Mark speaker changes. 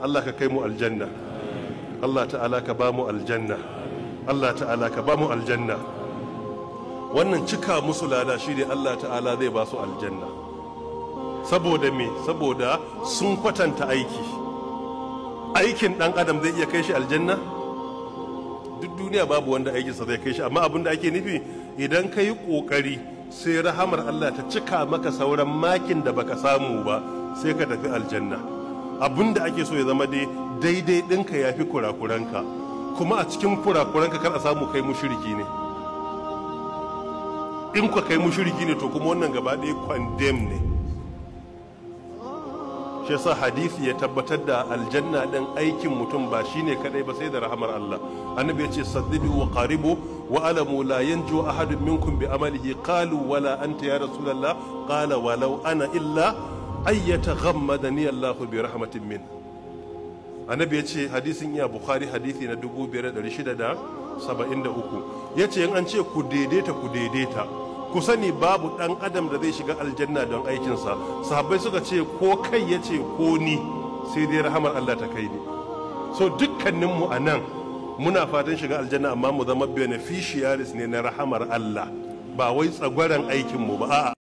Speaker 1: Allah ka kai mu aljanna Allah ta'ala ka ba mu aljanna Allah ta'ala ka ba mu aljanna wannan cika musu lada shi ne Allah ta'ala zai ba su aljanna saboda me saboda sun kwatanta aiki aikin ɗan adam zai iya kai shi aljanna duk duniya babu wanda sa zai kai shi amma abin da ake nufi idan ka yi ƙoƙari sai rahamar Allah ta cika maka sauran makin da baka samu ba sai ka tafi aljanna abin da ake so ya zama dai daidai ɗinka ya fi kurakuranka kuma a cikin kurakuranka kar a samu kai mushiriki ne in ka kai mushiriki ne to kuma wannan gaba ɗaya kwandem ne shi yasa hadisi ya tabbatar da aljanna ɗin aikin mutum ba shine kadai ba sai da rahamar Allah annabi ya ce saddidu wa qaribu wa alamu la yanju ahadun minkum bi amalihi qalu wala anta ya rasulullah qala walau ana illa ayyata ni Allahu bi rahmatin min annabi yace hadisin iya bukhari hadisi na 2673 yace in an ce ku daidaita ku daidaita ku sani babu dan adam da zai shiga aljanna don aikinsa sahabbai suka ce ko kai yace ko ni sai dai rahamar Allah ta kai ni so dukkaninmu a nan muna fatan shiga aljanna amma mu zama beneficiaries ne na rahamar Allah ba wai tsagwaran aikinmu ba a'a